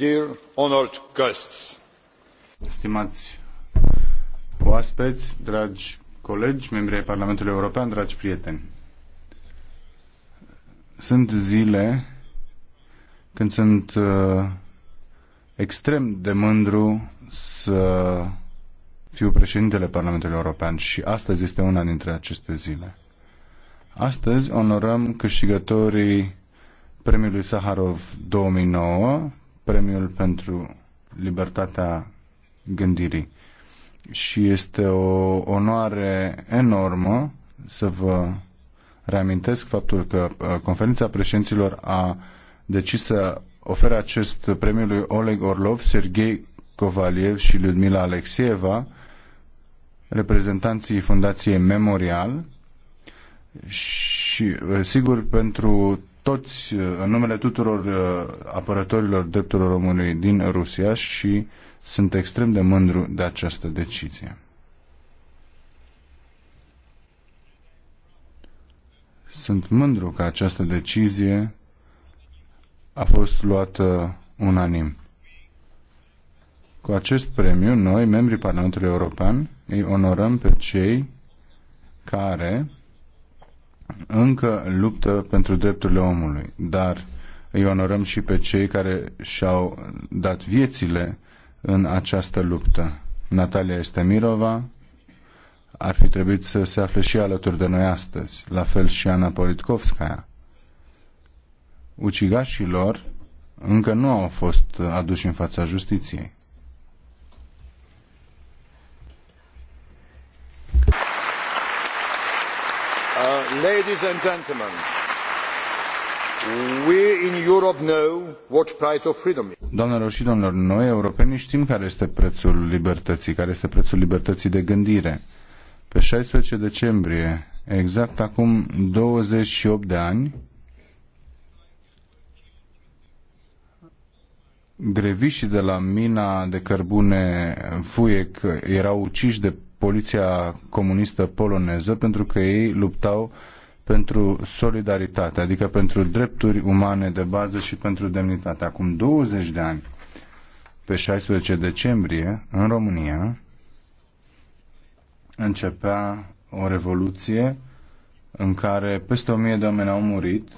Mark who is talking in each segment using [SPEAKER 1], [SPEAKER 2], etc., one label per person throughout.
[SPEAKER 1] Dear honored Stimați oaspeți, dragi colegi, membri ai Parlamentului European, dragi prieteni. Sunt zile când sunt uh, extrem de mândru să fiu președintele Parlamentului European și astăzi este una dintre aceste zile. Astăzi onorăm câștigătorii premiului Saharov 2009 Premiul pentru Libertatea Gândirii. Și este o onoare enormă să vă reamintesc faptul că uh, conferința președinților a decis să ofere acest premiu lui Oleg Orlov, Sergei Kovaliev și Ludmila Alexieva, reprezentanții Fundației Memorial și, uh, sigur, pentru toți, uh, în numele tuturor uh, apărătorilor drepturilor omului din Rusia și sunt extrem de mândru de această decizie. Sunt mândru că această decizie a fost luată unanim. Cu acest premiu, noi, membrii Parlamentului European, îi onorăm pe cei care încă luptă pentru drepturile omului, dar îi onorăm și pe cei care și-au dat viețile în această luptă. Natalia Estemirova ar fi trebuit să se afle și alături de noi astăzi, la fel și Ana Politkovskaya. Ucigașii lor încă nu au fost aduși în fața justiției. Ladies and gentlemen, we in Europe know what price of freedom is. Doamnelor și domnilor, noi europenii știm care este prețul libertății, care este prețul libertății de gândire. Pe 16 decembrie, exact acum 28 de ani, grevișii de la mina de cărbune Fuiec erau uciși de poliția comunistă poloneză pentru că ei luptau pentru solidaritate, adică pentru drepturi umane de bază și pentru demnitate. Acum 20 de ani, pe 16 decembrie, în România, începea o revoluție în care peste o mie de oameni au murit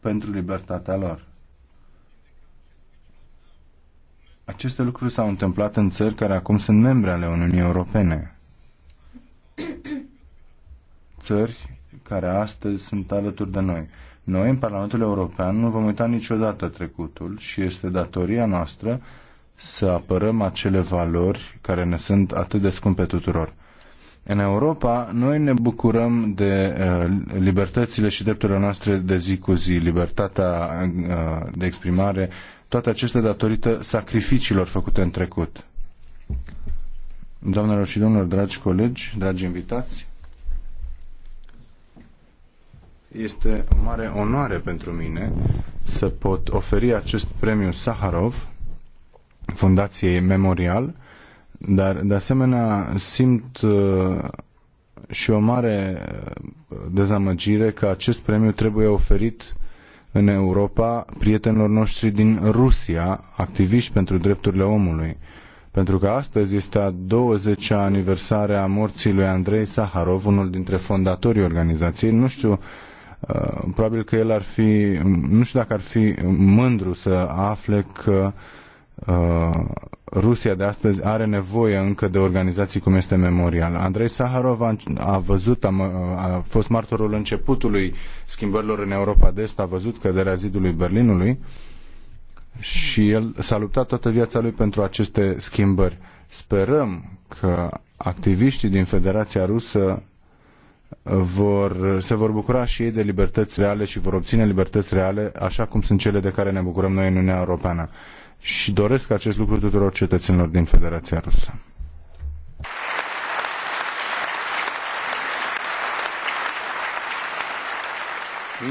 [SPEAKER 1] pentru libertatea lor. Aceste lucruri s-au întâmplat în țări care acum sunt membre ale Uniunii Europene. Țări care astăzi sunt alături de noi. Noi, în Parlamentul European, nu vom uita niciodată trecutul și este datoria noastră să apărăm acele valori care ne sunt atât de scumpe tuturor. În Europa, noi ne bucurăm de uh, libertățile și drepturile noastre de zi cu zi, libertatea uh, de exprimare, toate acestea datorită sacrificiilor făcute în trecut. Doamnelor și domnilor, dragi colegi, dragi invitați, este o mare onoare pentru mine să pot oferi acest premiu Saharov Fundației Memorial, dar de asemenea simt uh, și o mare uh, dezamăgire că acest premiu trebuie oferit în Europa prietenilor noștri din Rusia, activiști pentru drepturile omului. Pentru că astăzi este a 20-a aniversare a morții lui Andrei Saharov, unul dintre fondatorii organizației. Nu știu, uh, probabil că el ar fi, nu știu dacă ar fi mândru să afle că Uh, Rusia de astăzi are nevoie încă de organizații cum este Memorial. Andrei Saharov a, a văzut, a, uh, a fost martorul începutului schimbărilor în Europa de Est, a văzut căderea zidului Berlinului și el s-a luptat toată viața lui pentru aceste schimbări. Sperăm că activiștii din Federația Rusă vor, se vor bucura și ei de libertăți reale și vor obține libertăți reale, așa cum sunt cele de care ne bucurăm noi în Uniunea Europeană și doresc acest lucru tuturor cetățenilor din Federația Rusă.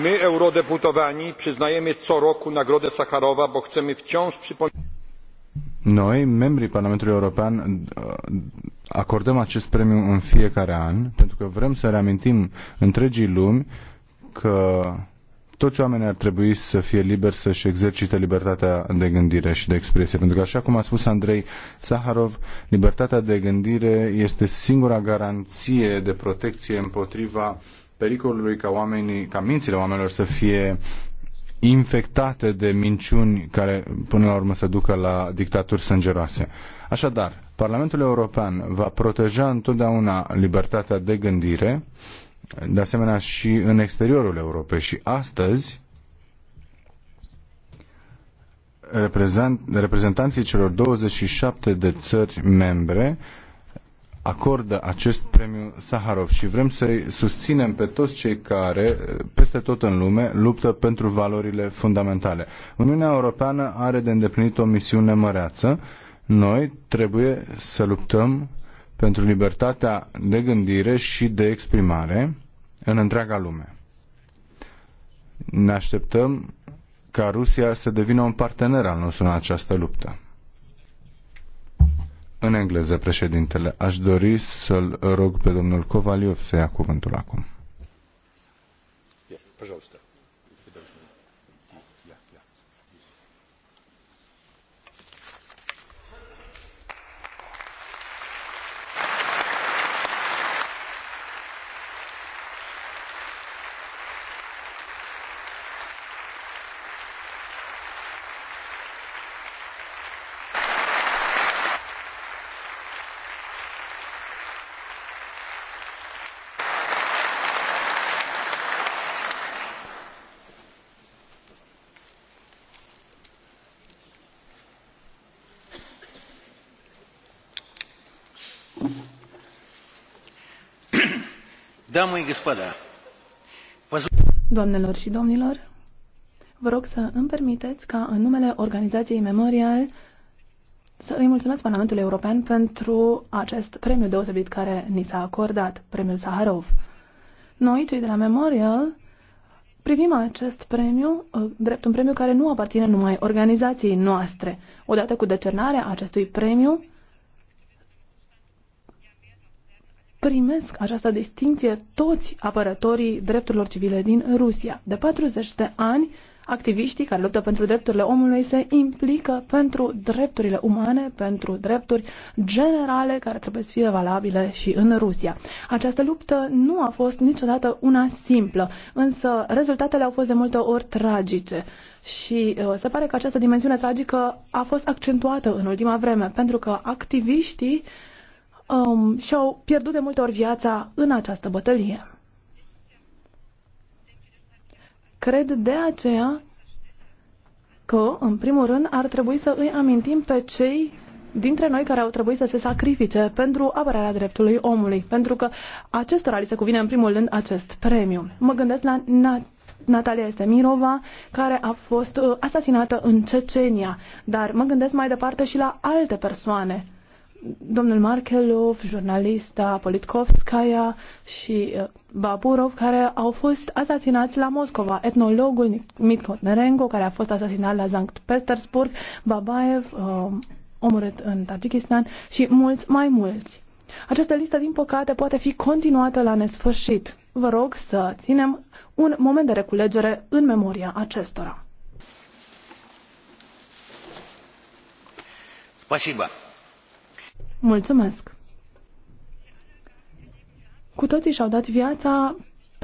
[SPEAKER 1] My, eurodeputowani, przyznajemy co roku Nagrodę Sacharowa, bo chcemy wciąż przypomnieć... Noi, membrii Parlamentului European, acordăm acest premiu în fiecare an, pentru că vrem să reamintim întregii lumi că toți oamenii ar trebui să fie liberi să-și exercite libertatea de gândire și de expresie. Pentru că, așa cum a spus Andrei Saharov, libertatea de gândire este singura garanție de protecție împotriva pericolului ca oamenii, ca mințile oamenilor să fie infectate de minciuni care până la urmă se ducă la dictaturi sângeroase. Așadar, Parlamentul European va proteja întotdeauna libertatea de gândire, de asemenea și în exteriorul Europei. Și astăzi, reprezentanții celor 27 de țări membre acordă acest premiu Saharov și vrem să-i susținem pe toți cei care, peste tot în lume, luptă pentru valorile fundamentale. Uniunea Europeană are de îndeplinit o misiune măreață. Noi trebuie să luptăm pentru libertatea de gândire și de exprimare în întreaga lume. Ne așteptăm ca Rusia să devină un partener al nostru în această luptă. În engleză, președintele, aș dori să-l rog pe domnul Kovaliov să ia cuvântul acum. Yeah,
[SPEAKER 2] Doamnelor și domnilor, vă rog să îmi permiteți ca în numele organizației Memorial să îi mulțumesc Parlamentului European pentru acest premiu deosebit care ni s-a acordat, premiul Saharov. Noi, cei de la Memorial, privim acest premiu uh, drept un premiu care nu aparține numai organizației noastre. Odată cu decernarea acestui premiu, primesc această distinție toți apărătorii drepturilor civile din Rusia. De 40 de ani, activiștii care luptă pentru drepturile omului se implică pentru drepturile umane, pentru drepturi generale care trebuie să fie valabile și în Rusia. Această luptă nu a fost niciodată una simplă, însă rezultatele au fost de multe ori tragice. Și uh, se pare că această dimensiune tragică a fost accentuată în ultima vreme, pentru că activiștii uh, um, și-au pierdut de multe ori viața în această bătălie. Cred de aceea că, în primul rând, ar trebui să îi amintim pe cei dintre noi care au trebuit să se sacrifice pentru apărarea dreptului omului, pentru că acestora li se cuvine, în primul rând, acest premiu. Mă gândesc la Natalia Estemirova, care a fost uh, asasinată în Cecenia, dar mă gândesc mai departe și la alte persoane domnul Markelov, jurnalista Politkovskaya și uh, Baburov, care au fost asasinați la Moscova, etnologul Mitko Nerengo, care a fost asasinat la Sankt Petersburg, Babaev, uh, omorât în Tajikistan și mulți mai mulți. Această listă, din păcate, poate fi continuată la nesfârșit. Vă rog să ținem un moment de reculegere în memoria acestora. Спасибо. Mulțumesc! Cu toții și-au dat viața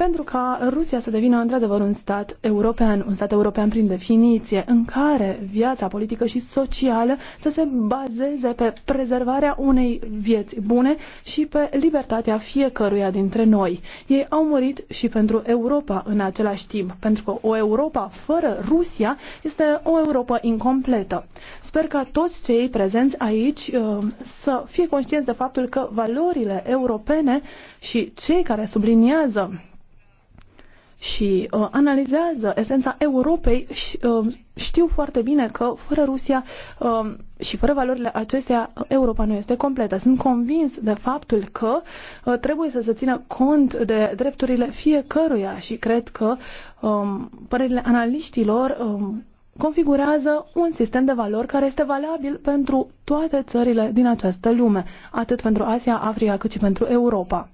[SPEAKER 2] pentru ca Rusia să devină într-adevăr un stat european, un stat european prin definiție, în care viața politică și socială să se bazeze pe prezervarea unei vieți bune și pe libertatea fiecăruia dintre noi. Ei au murit și pentru Europa în același timp, pentru că o Europa fără Rusia este o Europa incompletă. Sper ca toți cei prezenți aici uh, să fie conștienți de faptul că valorile europene și cei care subliniază și uh, analizează esența Europei și uh, știu foarte bine că fără Rusia uh, și fără valorile acestea uh, Europa nu este completă. Sunt convins de faptul că uh, trebuie să se țină cont de drepturile fiecăruia și cred că um, părerile analiștilor um, configurează un sistem de valori care este valabil pentru toate țările din această lume, atât pentru Asia, Africa, cât și pentru Europa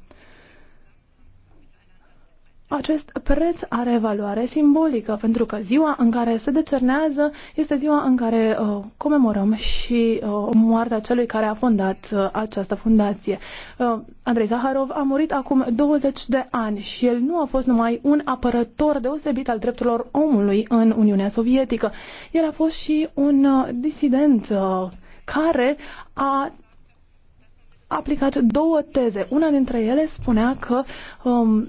[SPEAKER 2] acest preț are valoare simbolică, pentru că ziua în care se decernează este ziua în care uh, comemorăm și uh, moartea celui care a fondat uh, această fundație. Uh, Andrei Zaharov a murit acum 20 de ani și el nu a fost numai un apărător deosebit al drepturilor omului în Uniunea Sovietică. El a fost și un uh, disident uh, care a aplicat două teze. Una dintre ele spunea că um,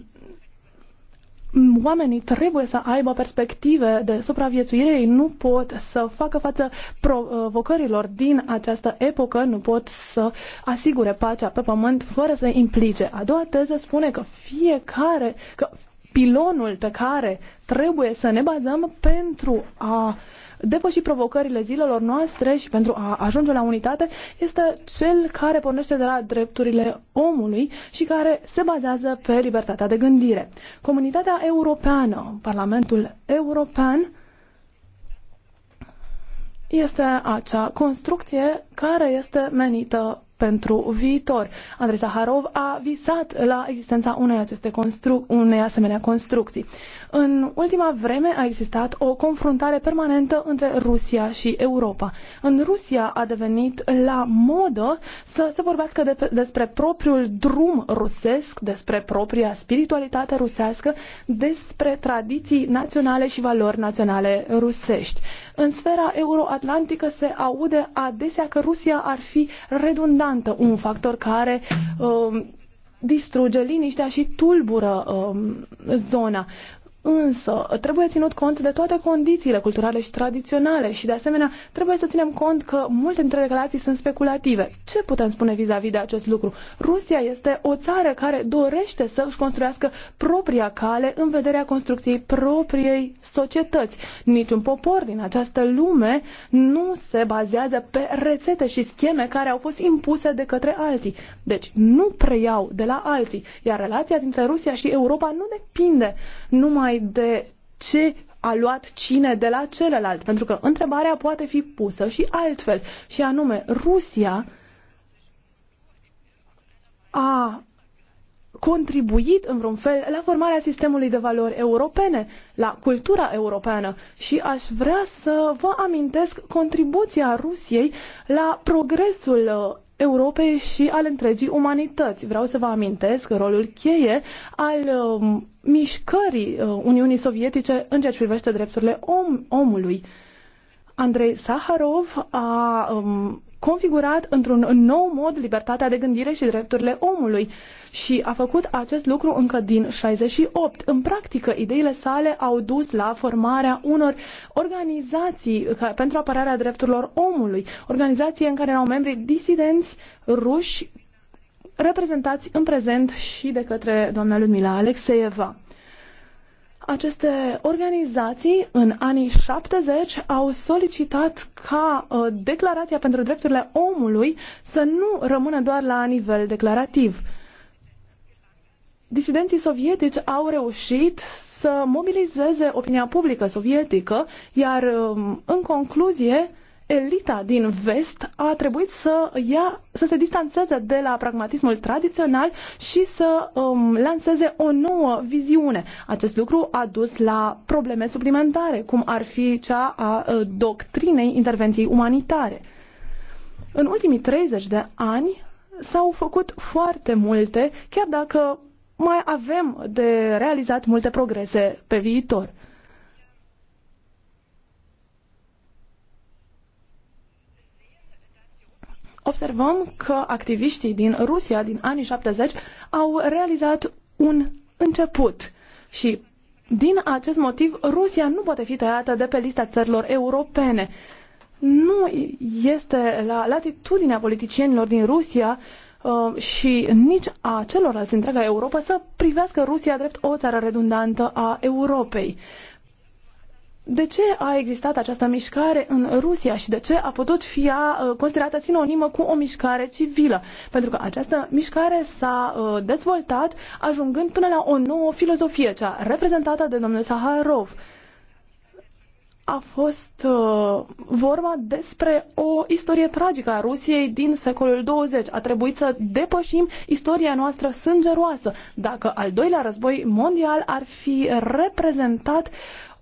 [SPEAKER 2] oamenii trebuie să aibă perspective de supraviețuire, ei nu pot să facă față provocărilor din această epocă, nu pot să asigure pacea pe pământ fără să implice. A doua teză spune că fiecare, că pilonul pe care trebuie să ne bazăm pentru a depăși provocările zilelor noastre și pentru a ajunge la unitate este cel care pornește de la drepturile omului și care se bazează pe libertatea de gândire. Comunitatea europeană, Parlamentul European, este acea construcție care este menită pentru viitor. Andrei Saharov a visat la existența unei, aceste constru- unei asemenea construcții. În ultima vreme a existat o confruntare permanentă între Rusia și Europa. În Rusia a devenit la modă să se vorbească de, despre propriul drum rusesc, despre propria spiritualitate rusească, despre tradiții naționale și valori naționale rusești. În sfera euroatlantică se aude adesea că Rusia ar fi redundantă importantă, un factor care uh, distruge liniștea și tulbură uh, zona. Însă, trebuie ținut cont de toate condițiile culturale și tradiționale și, de asemenea, trebuie să ținem cont că multe dintre relații sunt speculative. Ce putem spune vis-a-vis -vis de acest lucru? Rusia este o țară care dorește să își construiască propria cale în vederea construcției propriei societăți. Niciun popor din această lume nu se bazează pe rețete și scheme care au fost impuse de către alții. Deci, nu preiau de la alții, iar relația dintre Rusia și Europa nu depinde numai numai de ce a luat cine de la celălalt, pentru că întrebarea poate fi pusă și altfel, și anume Rusia a contribuit în vreun fel la formarea sistemului de valori europene, la cultura europeană și aș vrea să vă amintesc contribuția Rusiei la progresul uh, Europei și al întregii umanități. Vreau să vă amintesc rolul cheie al uh, mișcării uh, Uniunii Sovietice în ceea ce privește drepturile om, omului. Andrei Saharov a um, configurat într-un nou mod libertatea de gândire și drepturile omului și a făcut acest lucru încă din 68. În practică, ideile sale au dus la formarea unor organizații pentru apărarea drepturilor omului, organizații în care erau membri disidenți ruși reprezentați în prezent și de către doamna Ludmila Alexeeva aceste organizații în anii 70 au solicitat ca uh, declarația pentru drepturile omului să nu rămână doar la nivel declarativ disidenții sovietici au reușit să mobilizeze opinia publică sovietică, iar um, în concluzie elita din vest a trebuit să, ia, să se distanțeze de la pragmatismul tradițional și să um, lanseze o nouă viziune. Acest lucru a dus la probleme suplimentare, cum ar fi cea a uh, doctrinei intervenției umanitare. În ultimii 30 de ani s-au făcut foarte multe, chiar dacă mai avem de realizat multe progrese pe viitor. Observăm că activiștii din Rusia din anii 70 au realizat un început și din acest motiv Rusia nu poate fi tăiată de pe lista țărilor europene. Nu este la latitudinea politicienilor din Rusia uh, Um, și nici a celorlalți întreaga Europa să privească Rusia drept o țară redundantă a Europei. De ce a existat această mișcare în Rusia și de ce a putut fi a, uh, considerată sinonimă cu o mișcare civilă? Pentru că această mișcare s-a uh, dezvoltat ajungând până la o nouă filozofie, cea reprezentată de domnul Saharov a fost uh, vorba despre o istorie tragică a Rusiei din secolul 20. A trebuit să depășim istoria noastră sângeroasă. Dacă al doilea război mondial ar fi reprezentat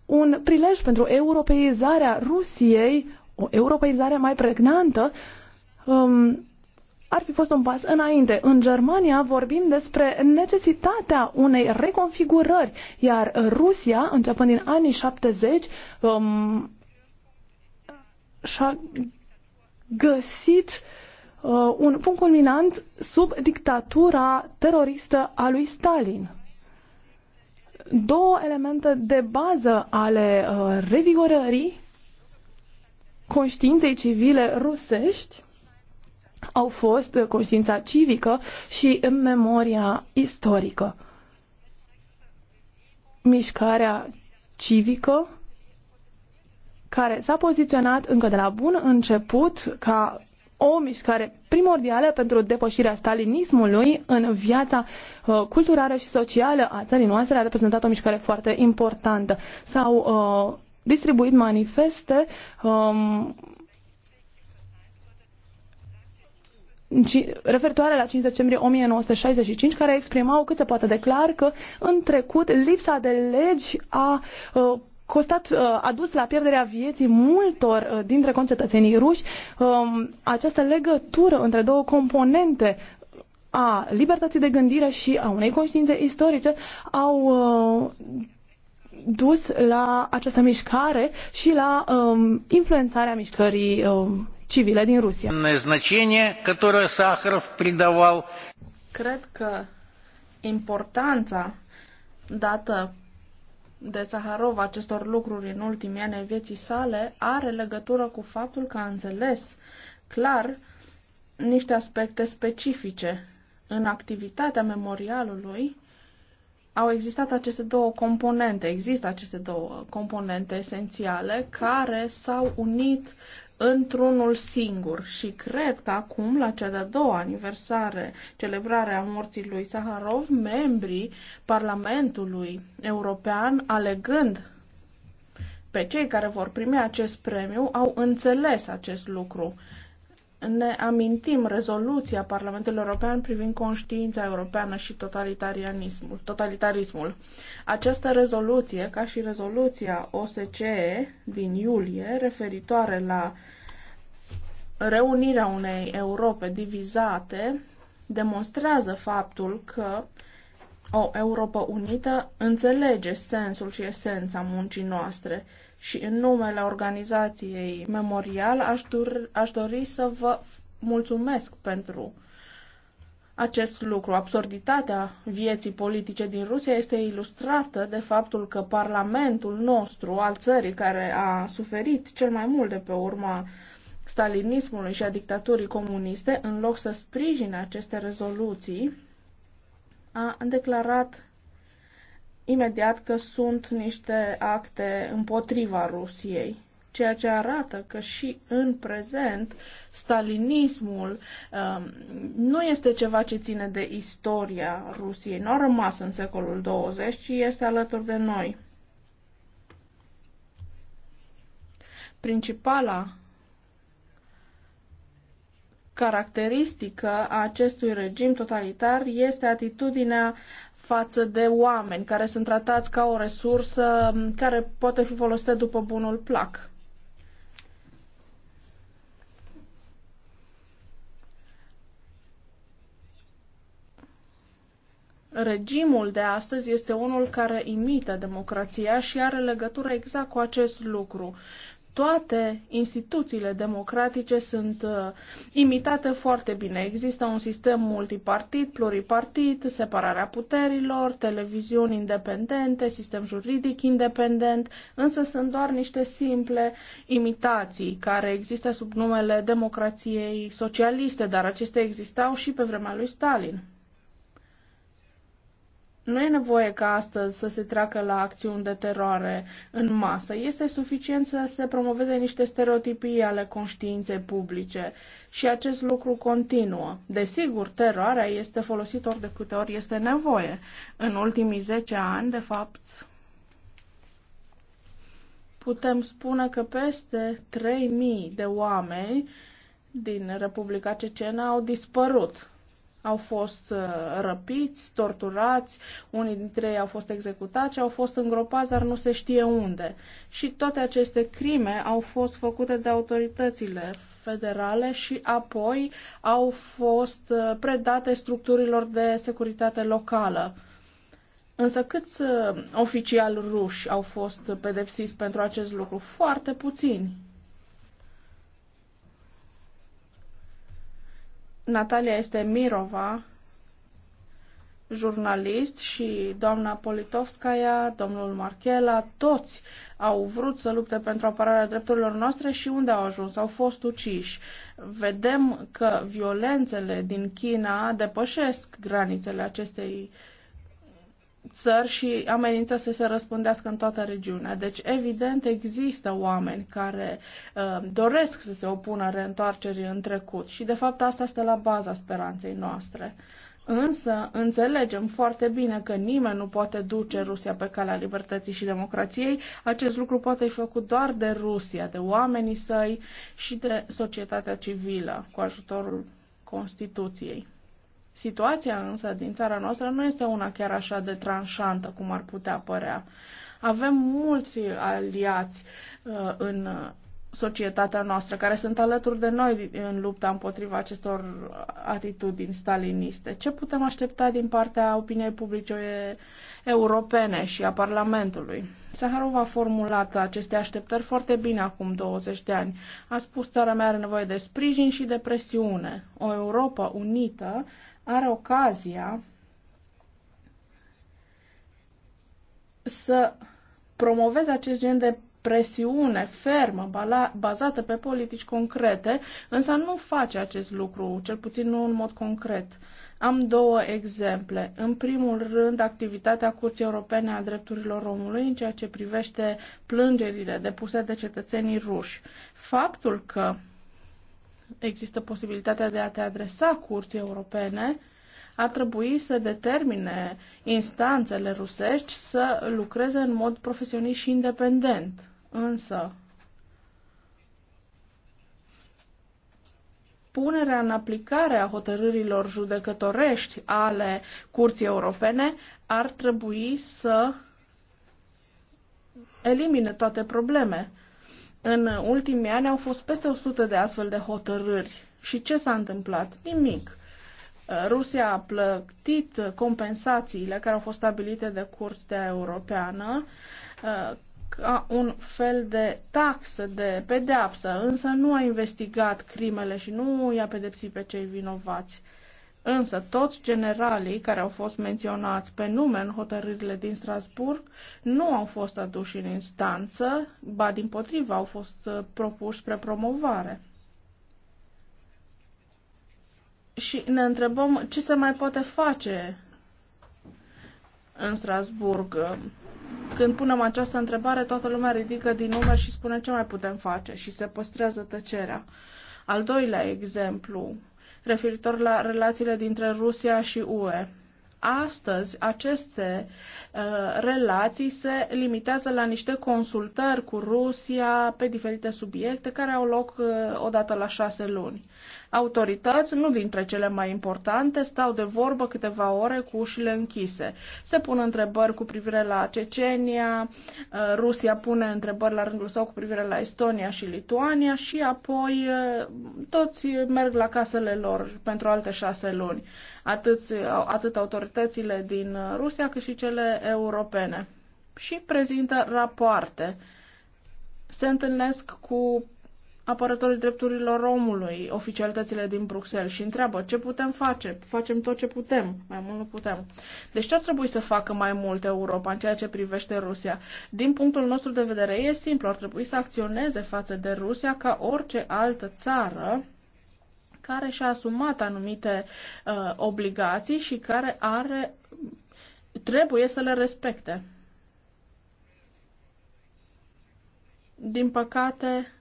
[SPEAKER 2] un prilej pentru europeizarea Rusiei, o europeizare mai pregnantă, um, ar fi fost un pas înainte. În Germania vorbim despre necesitatea unei reconfigurări, iar Rusia, începând din anii 70, um, și-a găsit uh, un punct culminant sub dictatura teroristă a lui Stalin. Două elemente de bază ale uh, revigorării conștiinței civile rusești au fost conștiința civică și memoria istorică. Mișcarea civică care s-a poziționat încă de la bun început ca o mișcare primordială pentru depășirea stalinismului în viața uh, culturală și socială a țării noastre a reprezentat o mișcare foarte importantă. S-au uh, distribuit manifeste um, referitoare la 5 decembrie 1965, care exprimau cât se poate declar că în trecut lipsa de legi a uh, costat, uh, a dus la pierderea vieții multor uh, dintre concetățenii ruși um, această legătură între două componente a libertății de gândire și a unei conștiințe istorice au uh, dus la această mișcare și la um, influențarea mișcării um, civile din Rusia.
[SPEAKER 3] Cred că importanța dată de Saharov acestor lucruri în ultimii ani ai vieții sale are legătură cu faptul că a înțeles clar niște aspecte specifice. În activitatea memorialului au existat aceste două componente, există aceste două componente esențiale care s-au unit într-unul singur și cred că acum, la cea de-a doua aniversare, celebrarea morții lui Saharov, membrii Parlamentului European, alegând pe cei care vor primi acest premiu, au înțeles acest lucru ne amintim rezoluția Parlamentului European privind conștiința europeană și totalitarianismul, totalitarismul. Această rezoluție, ca și rezoluția OSCE din iulie, referitoare la reunirea unei Europe divizate, demonstrează faptul că o Europa unită înțelege sensul și esența muncii noastre și în numele organizației Memorial aș, dur, aș dori să vă mulțumesc pentru acest lucru. Absurditatea vieții politice din Rusia este ilustrată de faptul că Parlamentul nostru al țării care a suferit cel mai mult de pe urma stalinismului și a dictaturii comuniste, în loc să sprijine aceste rezoluții, a declarat imediat că sunt niște acte împotriva Rusiei, ceea ce arată că și în prezent stalinismul um, nu este ceva ce ține de istoria Rusiei, nu a rămas în secolul 20, ci este alături de noi. Principala caracteristică a acestui regim totalitar este atitudinea față de oameni care sunt tratați ca o resursă care poate fi folosită după bunul plac. Regimul de astăzi este unul care imită democrația și are legătură exact cu acest lucru toate instituțiile democratice sunt uh, imitate foarte bine. Există un sistem multipartit, pluripartit, separarea puterilor, televiziuni independente, sistem juridic independent, însă sunt doar niște simple imitații care există sub numele democrației socialiste, dar acestea existau și pe vremea lui Stalin. Nu e nevoie ca astăzi să se treacă la acțiuni de teroare în masă. Este suficient să se promoveze niște stereotipii ale conștiinței publice și acest lucru continuă. Desigur, teroarea este folosită ori de câte ori este nevoie. În ultimii 10 ani, de fapt, putem spune că peste 3.000 de oameni din Republica Cecena au dispărut au fost uh, răpiți, torturați, unii dintre ei au fost executați, au fost îngropați, dar nu se știe unde. Și toate aceste crime au fost făcute de autoritățile federale și apoi au fost uh, predate structurilor de securitate locală. Însă câți uh, oficiali ruși au fost pedepsiți pentru acest lucru? Foarte puțini. Natalia este Mirova, jurnalist și doamna Politovskaya, domnul Marchela, toți au vrut să lupte pentru apărarea drepturilor noastre și unde au ajuns? Au fost uciși. Vedem că violențele din China depășesc granițele acestei țări și amenință să se răspândească în toată regiunea. Deci, evident, există oameni care uh, doresc să se opună reîntoarcerii în trecut și, de fapt, asta stă la baza speranței noastre. Însă, înțelegem foarte bine că nimeni nu poate duce Rusia pe calea libertății și democrației. Acest lucru poate fi făcut doar de Rusia, de oamenii săi și de societatea civilă, cu ajutorul Constituției. Situația însă din țara noastră nu este una chiar așa de tranșantă cum ar putea părea. Avem mulți aliați uh, în societatea noastră care sunt alături de noi în lupta împotriva acestor atitudini staliniste. Ce putem aștepta din partea opiniei publice europene și a Parlamentului? Saharov a formulat aceste așteptări foarte bine acum 20 de ani. A spus țara mea are nevoie de sprijin și de presiune. O Europa unită are ocazia să promoveze acest gen de presiune fermă, bazată pe politici concrete, însă nu face acest lucru, cel puțin nu în mod concret. Am două exemple. În primul rând, activitatea Curții Europene a Drepturilor Omului în ceea ce privește plângerile depuse de cetățenii ruși. Faptul că există posibilitatea de a te adresa curții europene, ar trebui să determine instanțele rusești să lucreze în mod profesionist și independent. Însă, punerea în aplicare a hotărârilor judecătorești ale Curții Europene ar trebui să elimine toate probleme. În ultimii ani au fost peste 100 de astfel de hotărâri. Și ce s-a întâmplat? Nimic. Uh, Rusia a plătit compensațiile care au fost stabilite de Curtea Europeană uh, ca un fel de taxă, de pedeapsă, însă nu a investigat crimele și nu i-a pedepsit pe cei vinovați. Însă toți generalii care au fost menționați pe nume în hotărârile din Strasburg nu au fost aduși în instanță, ba din potrivă au fost uh, propuși spre promovare. Și ne întrebăm ce se mai poate face în Strasburg. Când punem această întrebare, toată lumea ridică din numeri și spune ce mai putem face și se păstrează tăcerea. Al doilea exemplu referitor la relațiile dintre Rusia și UE astăzi aceste uh, relații se limitează la niște consultări cu Rusia pe diferite subiecte care au loc uh, odată la șase luni. Autorități, nu dintre cele mai importante, stau de vorbă câteva ore cu ușile închise. Se pun întrebări cu privire la Cecenia, uh, Rusia pune întrebări la rândul său cu privire la Estonia și Lituania și apoi toți merg la casele lor pentru alte șase luni atât, atât autoritățile din Rusia cât și cele europene și prezintă rapoarte. Se întâlnesc cu apărătorii drepturilor omului, oficialitățile din Bruxelles și întreabă ce putem face, facem tot ce putem, mai mult nu putem. Deci ce ar trebui să facă mai mult Europa în ceea ce privește Rusia? Din punctul nostru de vedere e simplu, ar trebui să acționeze față de Rusia ca orice altă țară care și-a asumat anumite uh, obligații și care are, trebuie să le respecte. Din păcate,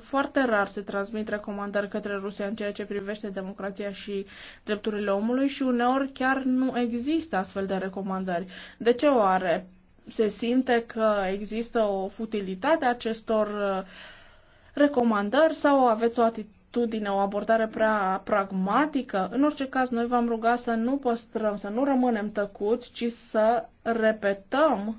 [SPEAKER 3] foarte rar se transmit recomandări către Rusia în ceea ce privește democrația și drepturile omului și uneori chiar nu există astfel de recomandări. De ce oare? Se simte că există o futilitate acestor uh, recomandări sau aveți o atitudine atitudine, o abordare prea pragmatică. În orice caz, noi v-am rugat să nu păstrăm, să nu rămânem tăcuți, ci să repetăm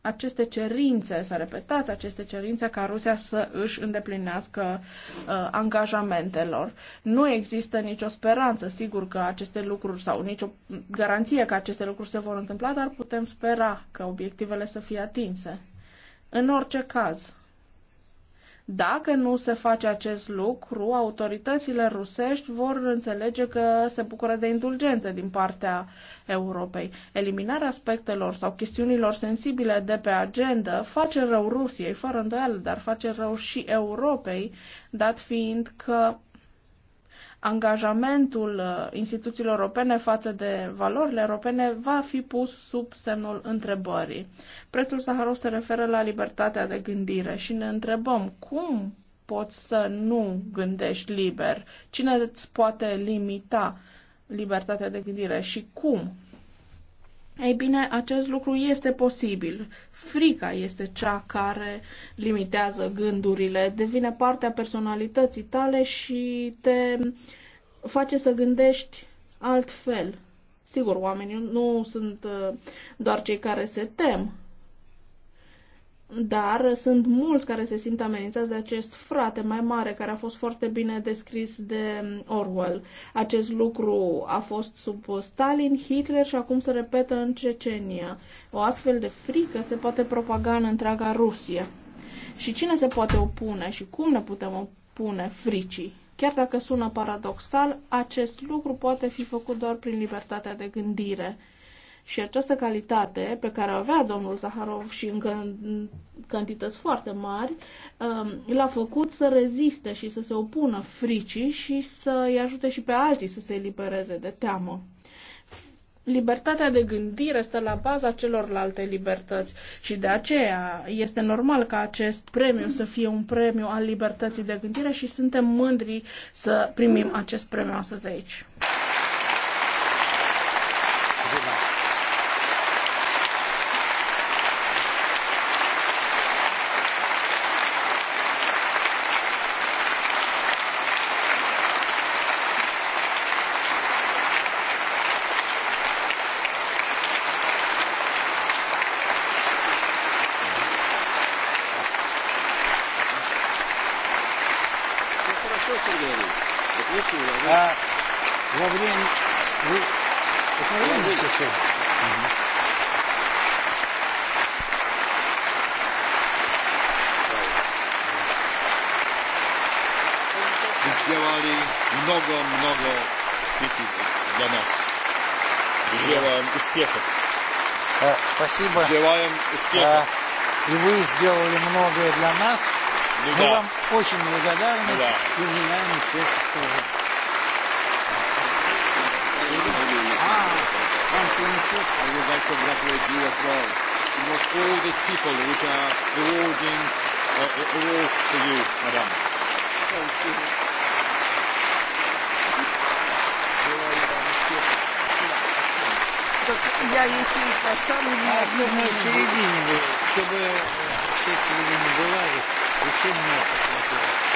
[SPEAKER 3] aceste cerințe, să repetați aceste cerințe ca Rusia să își îndeplinească uh, angajamentelor. Nu există nicio speranță, sigur că aceste lucruri sau nicio garanție că aceste lucruri se vor întâmpla, dar putem spera că obiectivele să fie atinse. În orice caz, dacă nu se face acest lucru, autoritățile rusești vor înțelege că se bucură de indulgențe din partea Europei. Eliminarea aspectelor sau chestiunilor sensibile de pe agenda face rău Rusiei, fără îndoială, dar face rău și Europei, dat fiind că angajamentul uh, instituțiilor europene față de valorile europene va fi pus sub semnul întrebării. Prețul Saharov se referă la libertatea de gândire și ne întrebăm cum poți să nu gândești liber, cine îți poate limita libertatea de gândire și cum ei bine, acest lucru este posibil. Frica este cea care limitează gândurile, devine partea personalității tale și te face să gândești altfel. Sigur, oamenii nu sunt uh, doar cei care se tem dar sunt mulți care se simt amenințați de acest frate mai mare care a fost foarte bine descris de Orwell. Acest lucru a fost sub Stalin, Hitler și acum se repetă în Cecenia. O astfel de frică se poate propaga în întreaga Rusie. Și cine se poate opune și cum ne putem opune fricii? Chiar dacă sună paradoxal, acest lucru poate fi făcut doar prin libertatea de gândire și această calitate pe care o avea domnul Zaharov și în cantități foarte mari, um, l-a făcut să reziste și să se opună fricii și să-i ajute și pe alții să se elibereze de teamă. Libertatea de gândire stă la baza celorlalte libertăți și de aceea este normal ca acest premiu să fie un premiu al libertății de gândire și suntem mândri să primim acest premiu astăzi aici.
[SPEAKER 1] спасибо. Желаем успеха. И вы сделали многое для нас. Ну, Мы да. вам очень благодарны да. и желаем успехов тоже. Thank you.
[SPEAKER 2] этот, я если их поставлю, а не на середине,
[SPEAKER 1] чтобы все середине была, и все меня посмотрели.